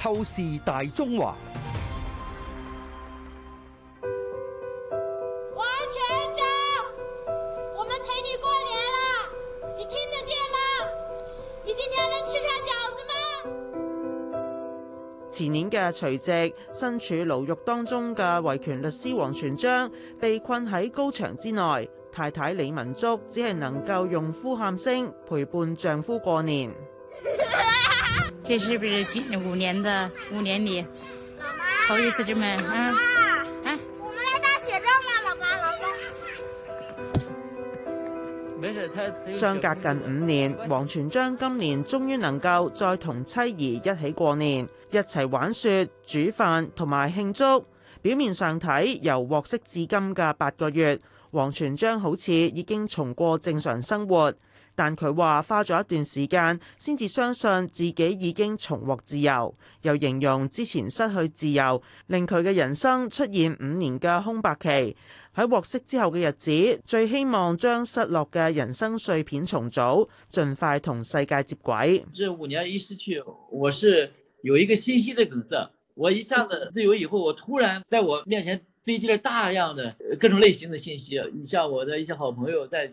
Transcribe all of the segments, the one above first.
透視大中華，王全璋，我們陪你過年了，你聽得見嗎？你今天能吃上餃子嗎？前年嘅除夕，身處牢獄當中嘅維權律師王全璋，被困喺高牆之內，太太李文竹只係能夠用呼喊聲陪伴丈夫過年。 這是不是今五年的五年裏頭一次這麼啊？啊！我們來打雪仗吧，老媽老公。相隔近五年，王全璋今年終於能夠再同妻兒一起過年，一齊玩雪、煮飯同埋慶祝。表面上睇，由獲釋至今嘅八個月，王全璋好似已經重過正常生活。但佢話花咗一段時間先至相信自己已經重獲自由，又形容之前失去自由令佢嘅人生出現五年嘅空白期。喺獲釋之後嘅日子，最希望將失落嘅人生碎片重組，盡快同世界接軌。這五年一失去，我是有一個信息的堵塞。我一下子自由以後，我突然在我面前堆積了大量的各種類型的信息。你像我的一些好朋友在。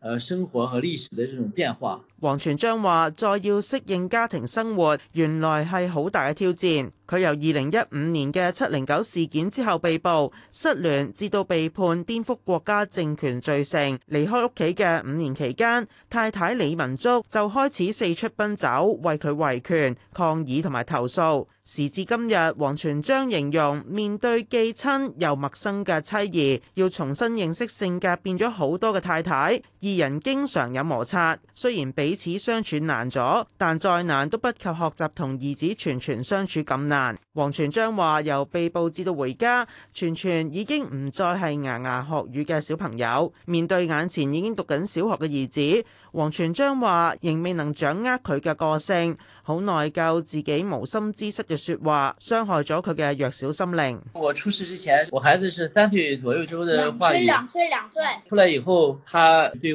呃，生活和歷史的這種變化，王全璋話：再要適應家庭生活，原來係好大嘅挑戰。佢由二零一五年嘅七零九事件之後被捕、失聯，至到被判顛覆國家政權罪成，離開屋企嘅五年期間，太太李文竹就開始四出奔走，為佢維權、抗議同埋投訴。時至今日，王全璋形容面對既親又陌生嘅妻兒，要重新認識性格變咗好多嘅太太。二人經常有摩擦，雖然彼此相處難咗，但再難都不及學習同兒子全全相處咁難。王全璋話：由被捕至到回家，全全已經唔再係牙牙學語嘅小朋友。面對眼前已經讀緊小學嘅兒子，王全璋話仍未能掌握佢嘅個性，好內疚自己無心之失嘅說話，傷害咗佢嘅弱小心靈。我出事之前，我孩子是三歲左右周的話語，兩歲兩歲出來以後，他對，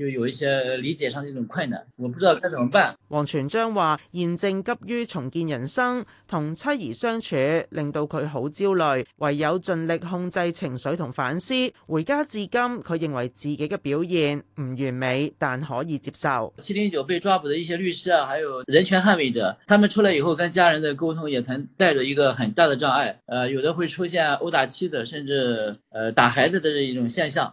就有一些理解上的一種困難，我不知道該怎麼辦。王全璋話：現正急於重建人生，同妻兒相處，令到佢好焦慮，唯有盡力控制情緒同反思。回家至今，佢認為自己嘅表現唔完美，但可以接受。七零九被抓捕的一些律師啊，還有人權捍衛者，他們出來以後，跟家人的溝通也曾帶着一個很大的障礙。呃，有的會出現毆打妻子，甚至呃打孩子的這一種現象。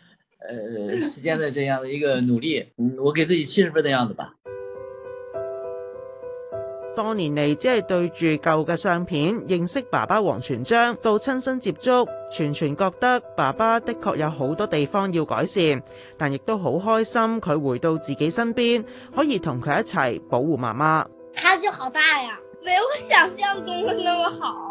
呃，時間的這樣的一個努力，我給自己七十分的樣子吧。多年嚟，只係對住舊嘅相片認識爸爸王全璋，到親身接觸，全全覺得爸爸的確有好多地方要改善，但亦都好開心佢回到自己身邊，可以同佢一齊保護媽媽。差距好大呀，沒有我想象中的那麼好。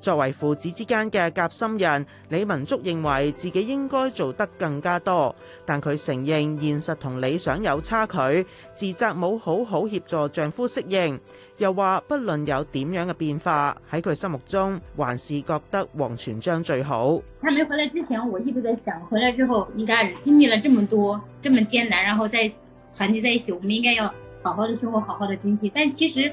作為父子之間嘅夾心人，李文竹認為自己應該做得更加多，但佢承認現實同理想有差距，自責冇好好協助丈夫適應，又話不論有點樣嘅變化，喺佢心目中還是覺得王全璋最好。他沒回來之前，我一直在想，回來之後一家人經歷了這麼多、這麼艱難，然後再團結在一起，我們應該要好好的生活、好好的經濟，但其實，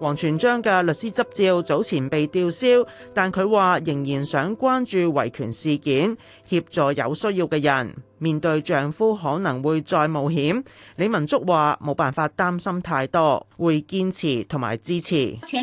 王全璋嘅律師執照早前被吊銷，但佢話仍然想關注維權事件，協助有需要嘅人。面對丈夫可能會再冒險，李文足話冇辦法擔心太多，會堅持同埋支持。前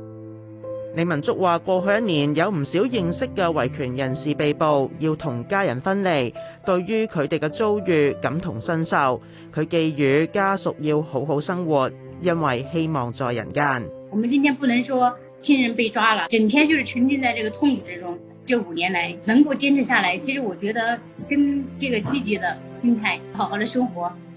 李文竹話：過去一年有唔少認識嘅維權人士被捕，要同家人分離。對於佢哋嘅遭遇，感同身受。佢寄語家屬要好好生活，因為希望在人間。我們今天不能說親人被抓了，整天就是沉浸在這個痛苦之中。這五年來能夠堅持下來，其實我覺得跟這個積極的心態，好好的生活。